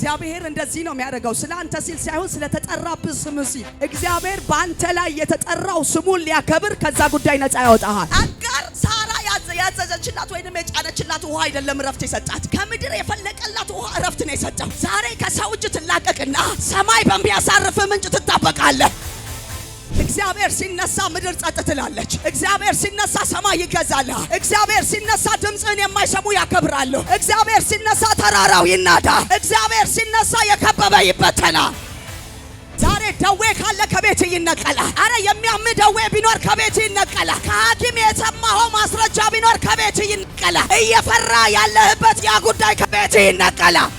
እግዚአብሔር እንደዚህ ነው የሚያደርገው። ስለ አንተ ሲል ሳይሆን ስለተጠራብህ ስም ሲል እግዚአብሔር በአንተ ላይ የተጠራው ስሙን ሊያከብር ከዛ ጉዳይ ነፃ ያወጣሃል። አጋር ሳራ ያዘዘችላት ወይንም የጫነችላት ውሃ አይደለም እረፍት የሰጣት ከምድር የፈለቀላት ውሃ እረፍት ነው የሰጠው። ዛሬ ከሰው እጅ ትላቀቅና ሰማይ በሚያሳርፍ ምንጭ ትጣበቃለህ። እግዚአብሔር ሲነሳ ምድር ጸጥ ትላለች። እግዚአብሔር ሲነሳ ሰማይ ይገዛል። እግዚአብሔር ሲነሳ ድምፅህን የማይሰሙ ያከብራሉ እግዚአብሔር ሲነሳ ተራራው ይናዳ። እግዚአብሔር ሲነሳ የከበበ ይበተና። ዛሬ ደዌ ካለ ከቤት ይነቀላል። አረ የሚያም ደዌ ቢኖር ከቤት ይነቀላል። ከሐኪም የሰማኸው ማስረጃ ቢኖር ከቤት ይነቀላል። እየፈራ ያለህበት ያ ጉዳይ ከቤት ይነቀላል።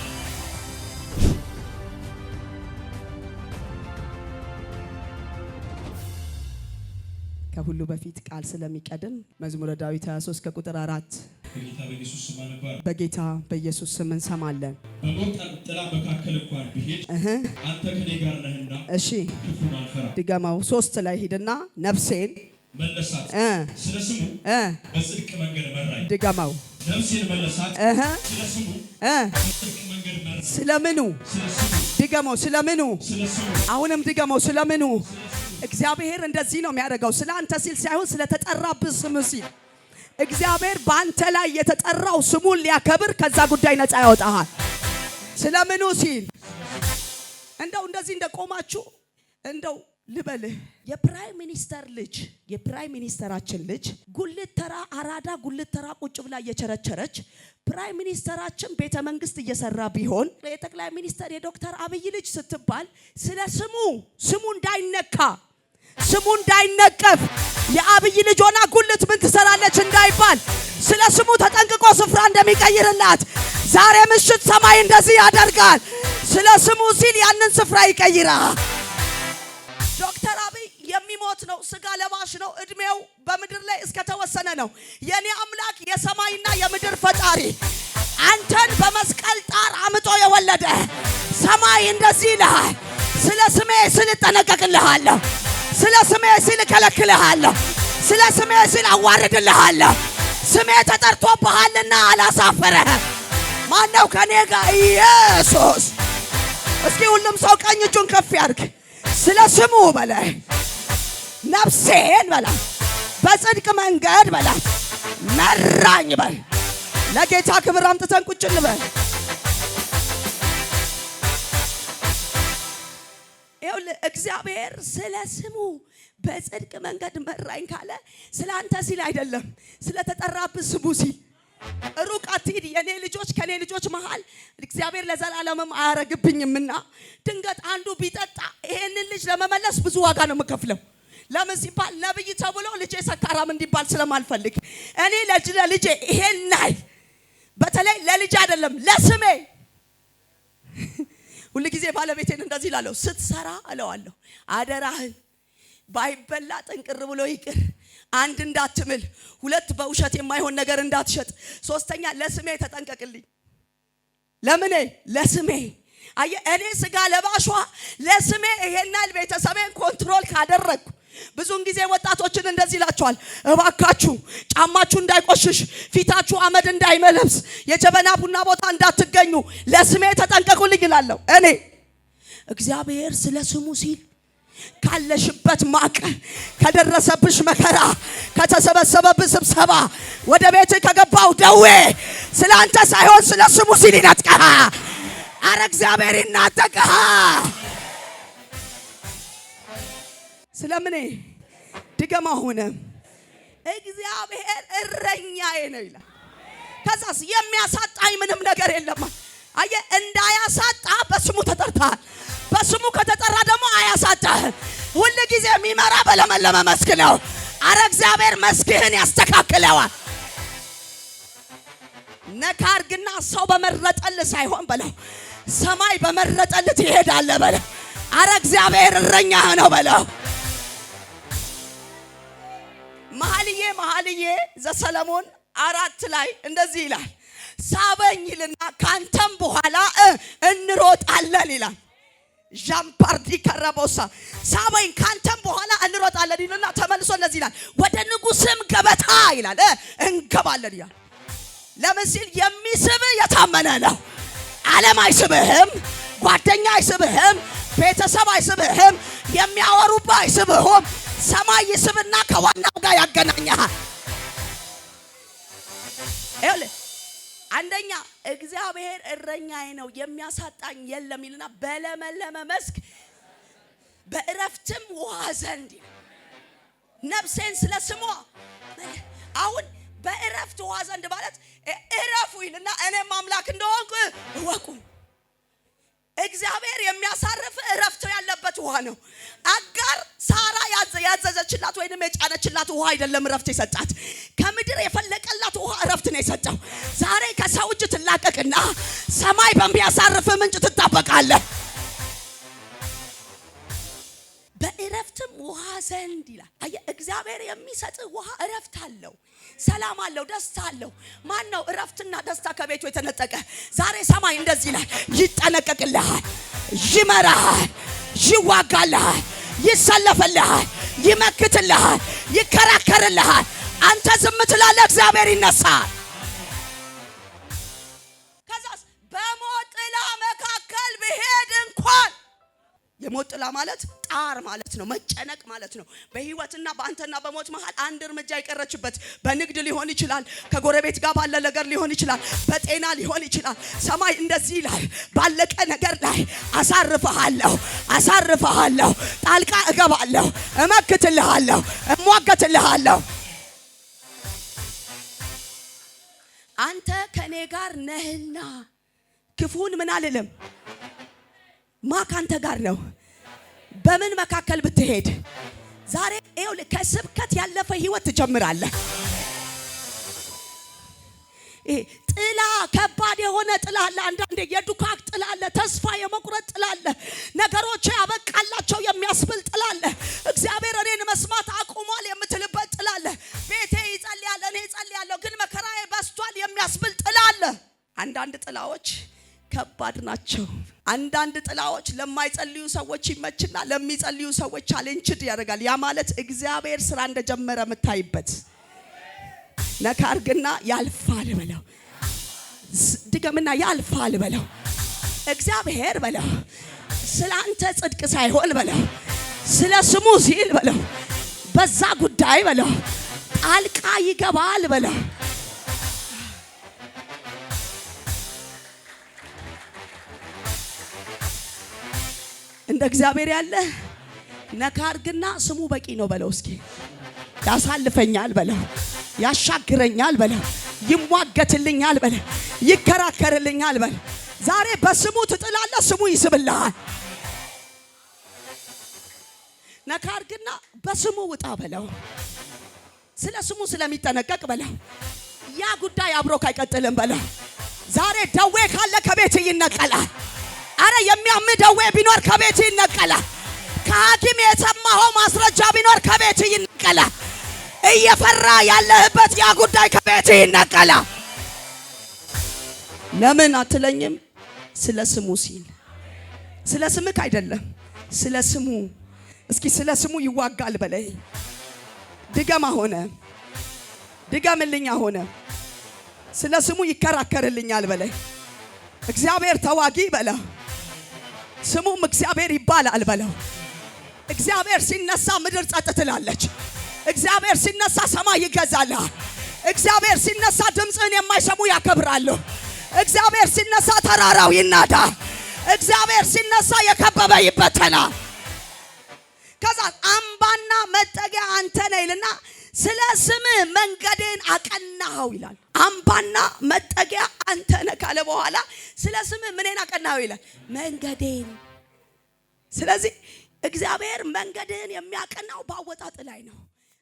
ከሁሉ በፊት ቃል ስለሚቀድም መዝሙረ ዳዊት 23 ከቁጥር አራት በጌታ በኢየሱስ ስም እንሰማለን። እሺ ክፉን ድገመው። ሶስት ላይ ሂድና ነፍሴን መለሳት፣ ድገመው። ስለምኑ? ድገመው። ስለምኑ? አሁንም ድገመው። ስለምኑ እግዚአብሔር እንደዚህ ነው የሚያደርገው። ስለ አንተ ሲል ሳይሆን ስለተጠራብህ ስም ሲል እግዚአብሔር በአንተ ላይ የተጠራው ስሙን ሊያከብር ከዛ ጉዳይ ነፃ ያወጣሃል። ስለምኑ ሲል እንደው እንደዚህ እንደቆማችሁ እንደው ልበልህ የፕራይም ሚኒስተር ልጅ የፕራይም ሚኒስተራችን ልጅ ጉልት ተራ አራዳ ጉልት ተራ ቁጭ ብላ እየቸረቸረች ፕራይም ሚኒስተራችን ቤተ መንግስት እየሰራ ቢሆን የጠቅላይ ሚኒስተር የዶክተር አብይ ልጅ ስትባል ስለ ስሙ ስሙ እንዳይነካ ስሙ እንዳይነቀፍ የአብይ ልጅ ሆና ጉልት ምን ትሰራለች እንዳይባል ስለ ስሙ ተጠንቅቆ ስፍራ እንደሚቀይርላት ዛሬ ምሽት ሰማይ እንደዚህ ያደርጋል። ስለ ስሙ ሲል ያንን ስፍራ ይቀይራል። ዶክተር አብይ የሚሞት ነው፣ ስጋ ለባሽ ነው። እድሜው በምድር ላይ እስከተወሰነ ነው። የኔ አምላክ የሰማይና የምድር ፈጣሪ አንተን በመስቀል ጣር አምጦ የወለደ ሰማይ እንደዚህ ይልሃል፣ ስለ ስሜ ስንጠነቀቅልሃለሁ ስለ ስሜ ሲል እከለክልሃለሁ። ስለ ስሜ ሲል አዋርድልሃለሁ። ስሜ ተጠርቶብሃልና አላሳፈረህ። ማነው ከኔ ጋር? ኢየሱስ። እስኪ ሁሉም ሰው ቀኝ እጁን ከፍ ያድርግ። ስለ ስሙ በላይ ነፍሴን በላ በጽድቅ መንገድ በላ መራኝ በል። ለጌታ ክብር አምጥተን ቁጭ እንበል። እግዚአብሔር ስለ ስሙ በጽድቅ መንገድ መራኝ ካለ ስለ አንተ ሲል አይደለም፣ ስለተጠራብህ ስሙ ሲል ሩቅ አትሂድ። የእኔ ልጆች ከኔ ልጆች መሃል እግዚአብሔር ለዘላለምም አያረግብኝምና ድንገት አንዱ ቢጠጣ ይሄንን ልጅ ለመመለስ ብዙ ዋጋ ነው የምከፍለው። ለምን ሲባል ነብይ ተብሎ ልጄ ሰካራም እንዲባል ስለማልፈልግ እኔ ለልጄ ይሄን ናይ በተለይ ለልጅ አይደለም ለስሜ ሁል ጊዜ ባለቤቴን እንደዚህ እላለሁ፣ ስትሰራ እለዋለሁ፣ አደራህን ባይበላ ጥንቅር ብሎ ይቅር። አንድ እንዳትምል፣ ሁለት በውሸት የማይሆን ነገር እንዳትሸጥ፣ ሶስተኛ ለስሜ ተጠንቀቅልኝ። ለምን ለስሜ አየ እኔ ስጋ ለባሿ ለስሜ ይሄናል ቤተሰቤን ኮንትሮል ካደረግኩ ብዙን ጊዜ ወጣቶችን እንደዚህ ይላቸዋል፣ እባካችሁ ጫማችሁ እንዳይቆሽሽ፣ ፊታችሁ አመድ እንዳይመለብስ፣ የጀበና ቡና ቦታ እንዳትገኙ፣ ለስሜ ተጠንቀቁልኝ ይላለሁ እኔ እግዚአብሔር ስለ ስሙ ሲል ካለሽበት ማቅ፣ ከደረሰብሽ መከራ፣ ከተሰበሰበብ ስብሰባ፣ ወደ ቤት ከገባው ደዌ ስለ አንተ ሳይሆን ስለ ስሙ ሲል ይነጥቀሃ። አረ እግዚአብሔር ይናጠቀሃ። ስለምኔ ድገማ ሆነ እግዚአብሔር እረኛዬ ነው ይላል። ከዛስ የሚያሳጣኝ ምንም ነገር የለም። አየ እንዳያሳጣ በስሙ ተጠርተሃል። በስሙ ከተጠራ ደግሞ አያሳጣህ። ሁል ጊዜ የሚመራ በለመለመ መስክ ነው። አረ እግዚአብሔር መስክህን ያስተካክለዋል። ነካ አርግና ሰው በመረጠል ሳይሆን በለው ሰማይ በመረጠል ትሄዳለህ በለው። አረ እግዚአብሔር እረኛህ ነው በለው። መሀልዬ መኃልየ ዘሰሎሞን አራት ላይ እንደዚህ ይላል፣ ሳበኝ ይልና ካንተም በኋላ እንሮጣለን ይላል። ዣምፓርዲ ከረቦሳ ሳበኝ ካንተም በኋላ እንሮጣለን ይልና ተመልሶ እንደዚህ ይላል፣ ወደ ንጉስም ገበታ ይላል እንገባለን ይላል። ለምን ሲል የሚስብ የታመነ ነው። ዓለም አይስብህም፣ ጓደኛ አይስብህም፣ ቤተሰብ አይስብህም፣ የሚያወሩባ አይስብህም ሰማይ ይስብና ከዋናው ጋር ያገናኛል። አንደኛ እግዚአብሔር እረኛዬ ነው የሚያሳጣኝ የለም ይልና በለመለመ መስክ በእረፍትም ውሃ ዘንድ ነፍሴን ስለ ስሟ አሁን በእረፍት ውሃ ዘንድ ማለት እረፉ ይልና እኔም አምላክ እንደሆንኩ እወቁኝ። እግዚአብሔር የሚያሳርፍ እረፍት ያለበት ውሃ ነው። አጋር ሳራ ያዘዘችላት ወይንም የጫነችላት ውሃ አይደለም እረፍት የሰጣት ከምድር የፈለቀላት ውሃ እረፍት ነው የሰጠው። ዛሬ ከሰው እጅ ትላቀቅና ሰማይ በሚያሳርፍ ምንጭ ትጣበቃለህ። በእረፍትም ውሃ ዘንድ ይላል። እግዚአብሔር የሚሰጥ ውሃ እረፍት አለው፣ ሰላም አለው፣ ደስታ አለው። ማን ነው እረፍትና ደስታ ከቤቱ የተነጠቀ? ዛሬ ሰማይ እንደዚህ ይላል፣ ይጠነቀቅልሃል፣ ይመራሃል፣ ይዋጋልሃል፣ ይሰለፍልሃል፣ ይመክትልሃል፣ ይከራከርልሃል። አንተ ዝም ትላለህ፣ እግዚአብሔር ይነሳል። የሞት ጥላ ማለት ጣር ማለት ነው፣ መጨነቅ ማለት ነው። በህይወትና በአንተና በሞት መሃል አንድ እርምጃ የቀረችበት በንግድ ሊሆን ይችላል፣ ከጎረቤት ጋር ባለ ነገር ሊሆን ይችላል፣ በጤና ሊሆን ይችላል። ሰማይ እንደዚህ ላይ ባለቀ ነገር ላይ አሳርፈሃለሁ፣ አሳርፈሃለሁ፣ ጣልቃ እገባለሁ፣ እመክትልሃለሁ፣ እሟገትልሃለሁ። አንተ ከኔ ጋር ነህና ክፉን ምን አልልም። ማ ከአንተ ጋር ነው? በምን መካከል ብትሄድ ዛሬ ይኸውልህ ከስብከት ያለፈ ህይወት ትጀምራለህ። ጥላ ከባድ የሆነ ጥላ አለ። አንዳንዴ የዱካክ ጥላ አለ። ተስፋ የመቁረጥ ጥላ አለ። ነገሮች ያበ ከባድ ናቸው። አንዳንድ ጥላዎች ለማይጸልዩ ሰዎች ይመችና ለሚጸልዩ ሰዎች ቻሌንጅድ ያደርጋል። ያ ማለት እግዚአብሔር ስራ እንደጀመረ የምታይበት ነካ አርግና ያልፋል በለው፣ ድገምና ያልፋል በለው። እግዚአብሔር በለው ስለ አንተ ጽድቅ ሳይሆን በለው፣ ስለ ስሙ ሲል በለው፣ በዛ ጉዳይ በለው፣ ጣልቃ ይገባል በለው እንደ እግዚአብሔር ያለ ነካርግና ስሙ በቂ ነው በለው። እስኪ ያሳልፈኛል በለው፣ ያሻግረኛል በለው፣ ይሟገትልኛል በለው፣ ይከራከርልኛል በለው። ዛሬ በስሙ ትጥላለ ስሙ ይስብልሃል። ነካርግና በስሙ ውጣ በለው። ስለ ስሙ ስለሚጠነቀቅ በለው። ያ ጉዳይ አብሮክ አይቀጥልም በለው። ዛሬ ደዌ ካለ ከቤት ይነቀላል። አረ የሚያምደዌ ቢኖር ከቤት ይነቀላል። ከሐኪም የሰማኸው ማስረጃ ቢኖር ከቤት ይነቀላል። እየፈራ ያለህበት ያ ጉዳይ ከቤት ይነቀላል። ለምን አትለኝም? ስለ ስሙ ሲል ስለ ስምክ አይደለም፣ ስለ ስሙ። እስኪ ስለ ስሙ ይዋጋል በለይ። ድገማ ሆነ ድገምልኛ ሆነ ስለ ስሙ ይከራከርልኛል በለይ። እግዚአብሔር ተዋጊ በላ ስሙም እግዚአብሔር ይባላል በለው። እግዚአብሔር ሲነሳ ምድር ጸጥ ትላለች። እግዚአብሔር ሲነሳ ሰማይ ይገዛልሃል። እግዚአብሔር ሲነሳ ድምፅህን የማይሰሙ ያከብራሉ። እግዚአብሔር ሲነሳ ተራራው ይናዳ። እግዚአብሔር ሲነሳ የከበበ ይበተናል። ከዛ አምባና መጠጊያ አንተ ነህ ይልና ስለ ስም መንገዴን አቀናኸው ይላል። አምባና መጠጊያ አንተ ነህ ካለ በኋላ ስለ ስም ምንን አቀናኸው ይላል? መንገዴን። ስለዚህ እግዚአብሔር መንገድህን የሚያቀናው በአወጣጥ ላይ ነው።